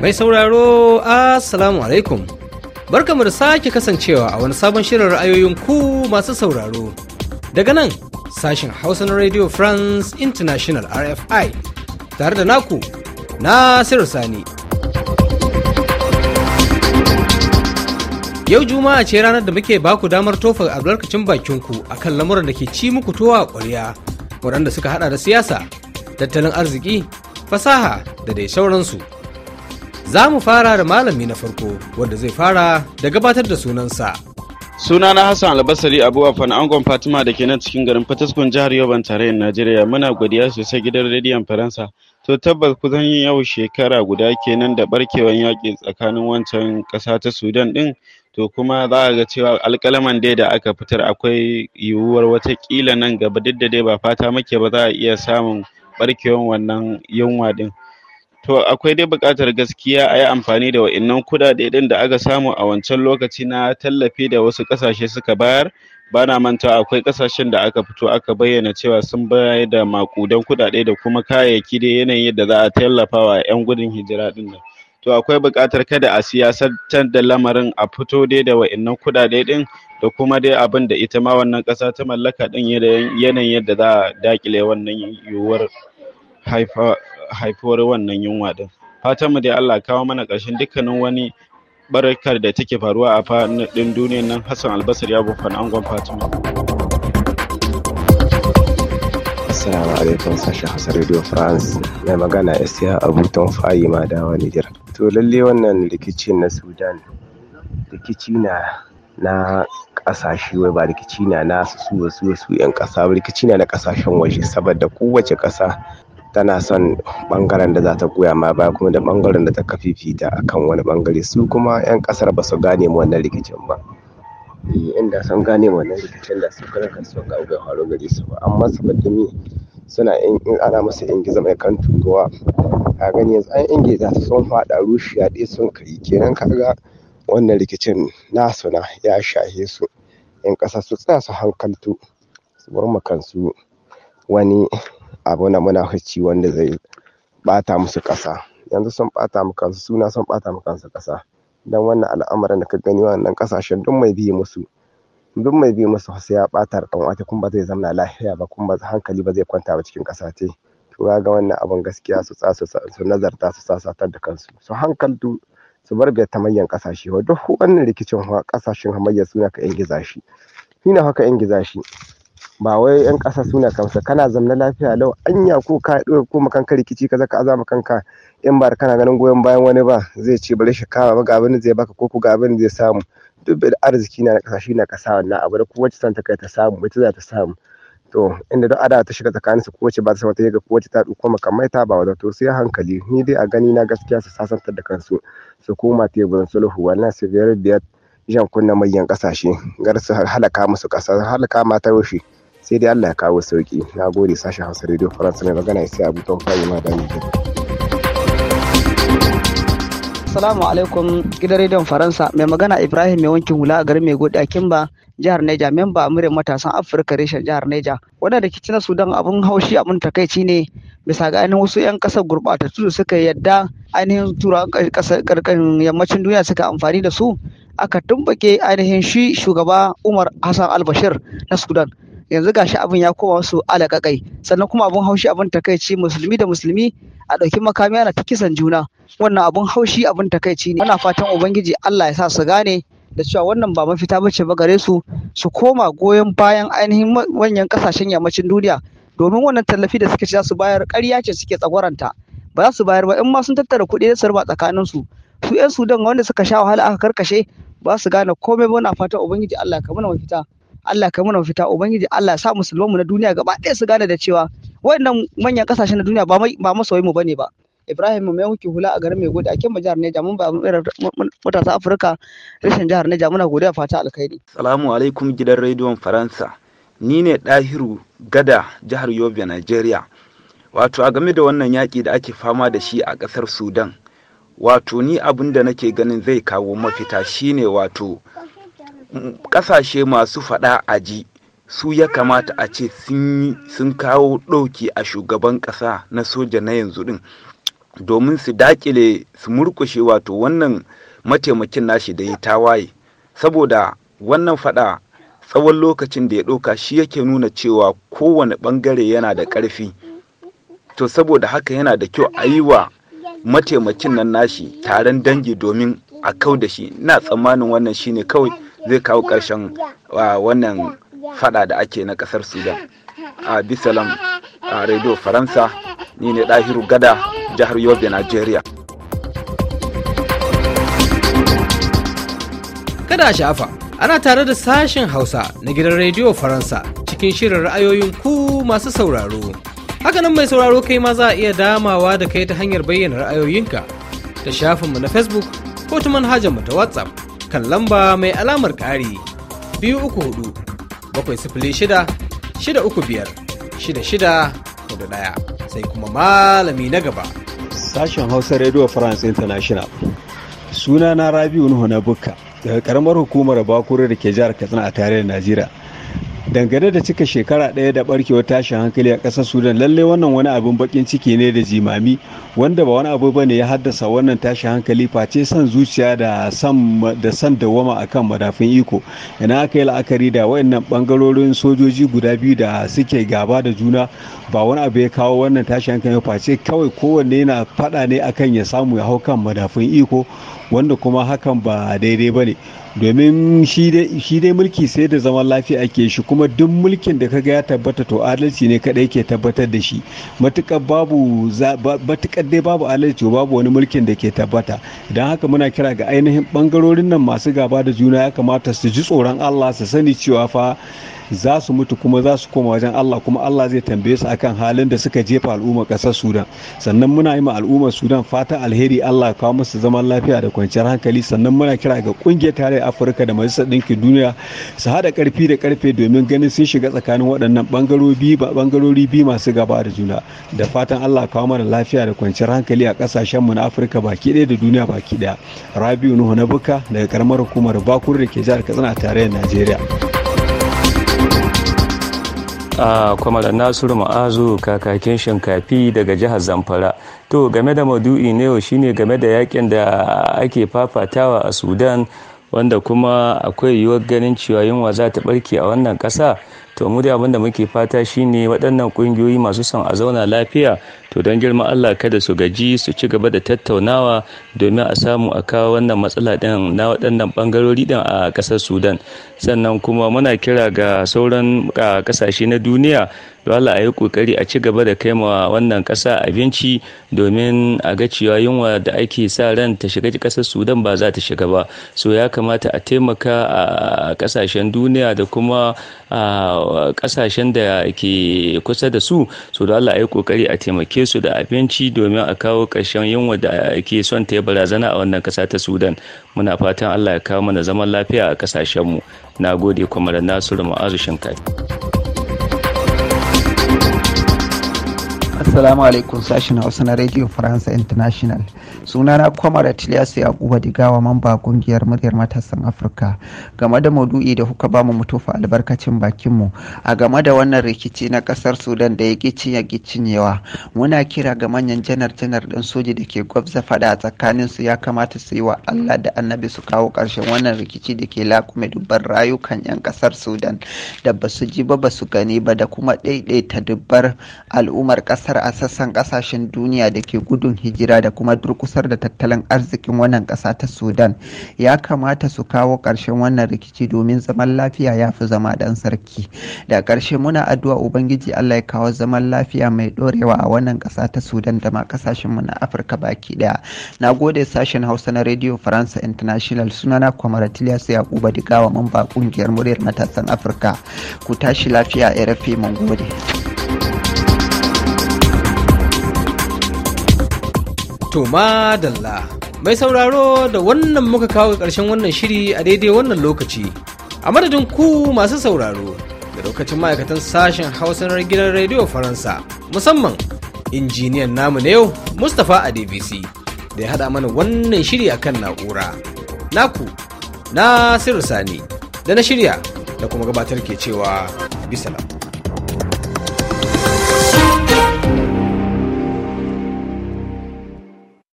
Mai sauraro, Assalamu alaikum. Barkamu da sake kasancewa a wani sabon shirin ra'ayoyin ku masu sauraro. Daga nan, sashen Hausa na Radio France International RFI, tare da naku, Nasiru Sani. Yau Juma'a ce ranar da muke baku damar tofa albarkacin bakinku akan lamuran da ke ci muku towa a ƙwarya. waɗanda suka hada da siyasa tattalin arziki fasaha da dai sauransu za mu fara da malami na farko wanda zai fara da gabatar da sunansa suna na hassan albasari abu afan angon fatima da ke nan cikin garin fataskun jihar yoban tarayyar najeriya muna godiya sosai gidan rediyon faransa to tabbas kusan yau shekara guda kenan da barkewan yaƙi tsakanin wancan ƙasa ta sudan ɗin to kuma za a ga cewa alkalaman dai da aka fitar akwai yiwuwar wata watakila nan gaba duk da dai ba fata muke ba za a iya samun barkewan wannan yunwa din to akwai dai buƙatar gaskiya a yi amfani da wa'innan kuɗaɗe ɗin da aka samu a wancan lokaci na tallafi da wasu ƙasashe suka bayar ba na manta akwai ƙasashen da aka fito aka bayyana cewa sun bayar da maƙudan kuɗaɗe da kuma kayayyaki da yanayin yadda za a tallafa wa 'yan gudun hijira ɗin nan to akwai buƙatar kada a siyasantar da lamarin a fito dai da wa'innan kuɗaɗe ɗin da kuma dai abin da ita ma wannan ƙasa ta mallaka ɗin yanayin yadda za a daƙile wannan yiwuwar haifuwar wannan yunwa ɗin fatan mu dai Allah kawo mana ƙarshen dukkanin wani barakar da take faruwa a faɗin duniyar nan Hassan Albasir ya bufan angon Fatima. Assalamu alaikum sashen Hausa Radio France mai magana Isiya Abuton da wani Nijar. to lallai wannan rikici na sudan rikici na na kasashe wai ba rikici na na su wasu su 'yan ƙasa ba rikici na na ƙasashen waje saboda kowace ƙasa tana son ɓangaren da za ta goya ma ba kuma da ɓangaren da ta kafifita akan wani ɓangare su kuma 'yan ƙasar ba su gane mu wannan rikicin ba eh, inda sun gane mu wannan rikicin da su kana kan sun ga bai faru gare su ba amma saboda ni suna in ana musu ingiza mai kan turuwa ka gani yanzu an yan su sun faɗa rushiya ɗaya sun kai kenan kaga wannan rikicin nasu na ya shahe su yan ƙasa su tsaya su hankaltu su bar ma kansu wani abu na munafici wanda zai bata musu ƙasa yanzu sun bata mu kansu suna sun bata mu kansu ƙasa dan wannan al'amarin da ka gani wannan ƙasashen duk mai bi musu duk mai bi musu sai ya ɓata da wata kuma ba zai zama lafiya ba kuma hankali ba zai kwanta ba cikin ƙasa to ga wannan abin gaskiya su tsasa su nazarta su sasatar da kansu su hankaltu su bar biyar tamayyan kasashe wa duk wannan rikicin kasashen hamayya suna ka ingiza shi shi shine haka ingiza shi ba wai yan kasa suna kamsa kana zamna lafiya lau anya ko ka ɗora ko makanka rikici kaza ka azama kanka in ba kana ganin goyon bayan wani ba zai ce bari shi kama ba ga abin zai baka ko ku ga abin zai samu duk da arziki na kasashe na kasa wannan abu da kuma wacce ta kai ta samu wacce za ta samu to inda duk ada ta shiga tsakanin su kowace ba ta san wata ga kowace ta duko makamai ta ba wadato sai hankali ni dai a gani na gaskiya su sasantar da kansu su koma teburin sulhu wannan su biyar biyar jan kunna manyan kasashe gar su halaka musu kasa halaka ma ta rufe sai dai Allah ya kawo sauki na gode sashen Hausa Radio Faransa mai magana sai Abu Tawfa da ni Assalamu alaikum gidan rediyon Faransa mai magana Ibrahim mai wankin hula a garin Maigodi, a Kimba jihar Neja memba amurin matasan Afirka reshen jihar Neja wannan rikici na Sudan abun haushi abun takaici ne bisa ga ainihin wasu 'yan kasar gurɓatattu da suka yadda ainihin turawan kasar yammacin duniya suka amfani da su aka tumbake ainihin shi shugaba Umar Hassan al-Bashir na Sudan yanzu gashi abin ya koma wasu alaƙaƙai sannan kuma abin haushi abin takaici musulmi da musulmi a ɗauki makami ana ta kisan juna wannan abin haushi abin takaici ne ana fatan ubangiji Allah ya sa su gane da cewa wannan ba mafita bace ba gare su su koma goyon bayan ainihin manyan kasashen yammacin duniya domin wannan tallafi da suke ci za su bayar ƙarya ce suke tsagwaranta ba za su bayar ba in ma sun tattara kuɗi da raba tsakanin su su 'yan sudan wanda suka sha wahala aka karkashe ba su gane komai ba na fatan ubangiji Allah ya kamuna mafita Allah kai muna fita ubangiji Allah ya sa musulman mu na duniya gaba ɗaya su gane da cewa wayannan manyan kasashen na duniya ba ba masoyi mu bane ba Ibrahim mai huki hula a garin mai a kemba jihar Neja mun ba matasa Afirka rashin jihar Neja muna godiya fata alkhairi Assalamu alaikum gidan rediyon Faransa ni ne Dahiru Gada jihar Yobe Nigeria wato a game da wannan yaki da ake fama da shi a ƙasar Sudan wato ni abin da nake ganin zai kawo mafita shine wato kasashe masu fada a ji su ya kamata a ce sun kawo ɗauki a shugaban ƙasa na soja na yanzu ɗin domin su dakile su murkushe wato wannan mataimakin nashi da ya tawaye saboda wannan fada tsawon lokacin da ya ɗauka shi yake nuna cewa kowane ɓangare yana da ƙarfi to saboda haka yana da kyau a yi wa mataimakin nan nashi taron dangi domin a kau da shi na tsammanin wannan shine kawai zai kawo ƙarshen wannan fada da ake na ƙasar sudan a bisalam a radio faransa ni ne ɗahiru gada jihar yobe nigeria kada shafa, ana tare da sashen hausa na gidan radio faransa cikin shirin ra'ayoyin ku masu sauraro hakanan mai sauraro kai ma za a iya damawa da kai ta hanyar bayyana ra'ayoyinka Ta shafinmu na facebook ko ta mu ta whatsapp kan lamba mai alamar ƙari biyu uku hudu bakwai sifili shida shida uku biyar shida shida hudu ɗaya sai kuma malami na gaba. Sashen Hausa Radio France International suna na Rabiu Nuhu na Bukka daga karamar hukumar Bakure da ke jihar Katsina a tarayyar Najeriya. dangane da cika shekara ɗaya da barkewar tashin hankali a ƙasar sudan lalle wannan wani abin bakin ciki ne da jimami wanda ba wani abu ba ne ya haddasa wannan tashin hankali face son zuciya da san da san dawama akan madafin iko ina aka yi la'akari da wayannan bangarorin sojoji guda biyu da suke gaba da juna ba wani abu ya kawo wannan tashin hankali face kawai kowanne yana faɗa ne akan ya samu ya hau kan madafin iko wanda kuma hakan ba daidai ba ne domin shi dai mulki sai da zaman lafiya ake shi kuma kuma duk mulkin da kaga ya tabbata to adalci ne kadai ke tabbatar da shi matukar babu matukar dai babu adalci babu wani mulkin da ke tabbata don haka muna kira ga ainihin bangarorin nan masu gaba da juna ya kamata su ji tsoron Allah su sani cewa fa za su mutu kuma za su koma wajen Allah kuma Allah zai tambaye su akan halin da suka jefa al'ummar ƙasar Sudan sannan muna yi ma al'ummar Sudan fatan alheri Allah ya kawo musu zaman lafiya da kwanciyar hankali sannan muna kira ga kungiyar tarayyar Afirka da majalisar ɗinkin duniya su haɗa karfi da karfe domin ganin sun shiga tsakanin waɗannan ɓangarori ɓangarori biyu masu gaba da juna da fatan Allah ya kawo mana lafiya da kwanciyar hankali a ƙasashenmu na Afirka baki ɗaya da duniya baki ɗaya Rabiu Nuhu na Buka daga karamar hukumar Bakuri da ke jihar Katsina a tarayyar Najeriya. a kwamar nasiru ma'azu kakakin shinkafi daga jihar zamfara to game da madu'i na yau shine game da yakin da ake fafatawa a sudan wanda kuma akwai yiwuwar ganin cewa yunwa za ta barke a wannan ƙasa to mu dai abin da muke fata shine waɗannan kungiyoyi masu son a zauna lafiya to don girma Allah kada su gaji su ci gaba da tattaunawa domin a samu a kawo wannan matsala ɗin na waɗannan ɓangarori ɗin a ƙasar Sudan sannan kuma muna kira ga sauran ƙasashe na duniya dole a yi kokari a ci gaba da kai ma wannan ƙasa abinci domin a ga cewa yunwa da ake sa ran ta shiga ƙasar sudan ba za ta shiga ba so ya kamata a taimaka a kasashen duniya da kuma a kasashen da ke kusa da su su da Allah ya kokari a taimake su da abinci domin a kawo ƙarshen yunwa da ke son ta barazana a wannan ƙasa ta Sudan muna fatan Allah ya kawo mana zaman lafiya a kasashen mu nagode kwamar Nasiru Ma'azu Shinkai Assalamu alaikum sashen Hausa na Radio France International. Sunana Kwamar Tiliyasu Yakuba Digawa mamba kungiyar muryar matasan Afirka. Game da maudu'i da kuka bamu mu albarkacin albarkacin bakinmu a game da wannan rikici na kasar Sudan da ya gici ya yawa. Muna kira ga manyan janar janar ɗin soji da ke gwabza fada a tsakanin su ya kamata su yi wa Allah da Annabi su kawo karshen wannan rikici da ke lakume dubban rayukan 'yan kasar Sudan da basu ji ba basu gani ba da kuma ɗaiɗaita dubbar al'ummar kasar a sassan kasashen duniya da ke gudun hijira da kuma durkusar da tattalin arzikin wannan kasa ta sudan ya kamata su kawo ƙarshen wannan rikici domin zaman lafiya ya fi zama dan sarki da ƙarshe muna addu'a ubangiji allah ya kawo zaman lafiya mai ɗorewa a wannan ƙasa ta sudan da ma mu na afirka baki ɗaya na gode sashen hausa na radio faransa international sunana kwamar tiliyasu yakuba digawa mamba ƙungiyar muryar matasan afirka ku tashi lafiya rfe mun gode. To madalla mai sauraro da wannan muka kawo ƙarshen wannan shiri a daidai wannan lokaci. A madadin ku masu sauraro da lokacin ma'aikatan sashen na gidan rediyo Faransa musamman injiniyan namu na yau Mustapha a dbc da ya haɗa mana wannan shiri a kan na'ura. Naku Nasiru Sani da na shirya da kuma gabatar ke cewa bisalam.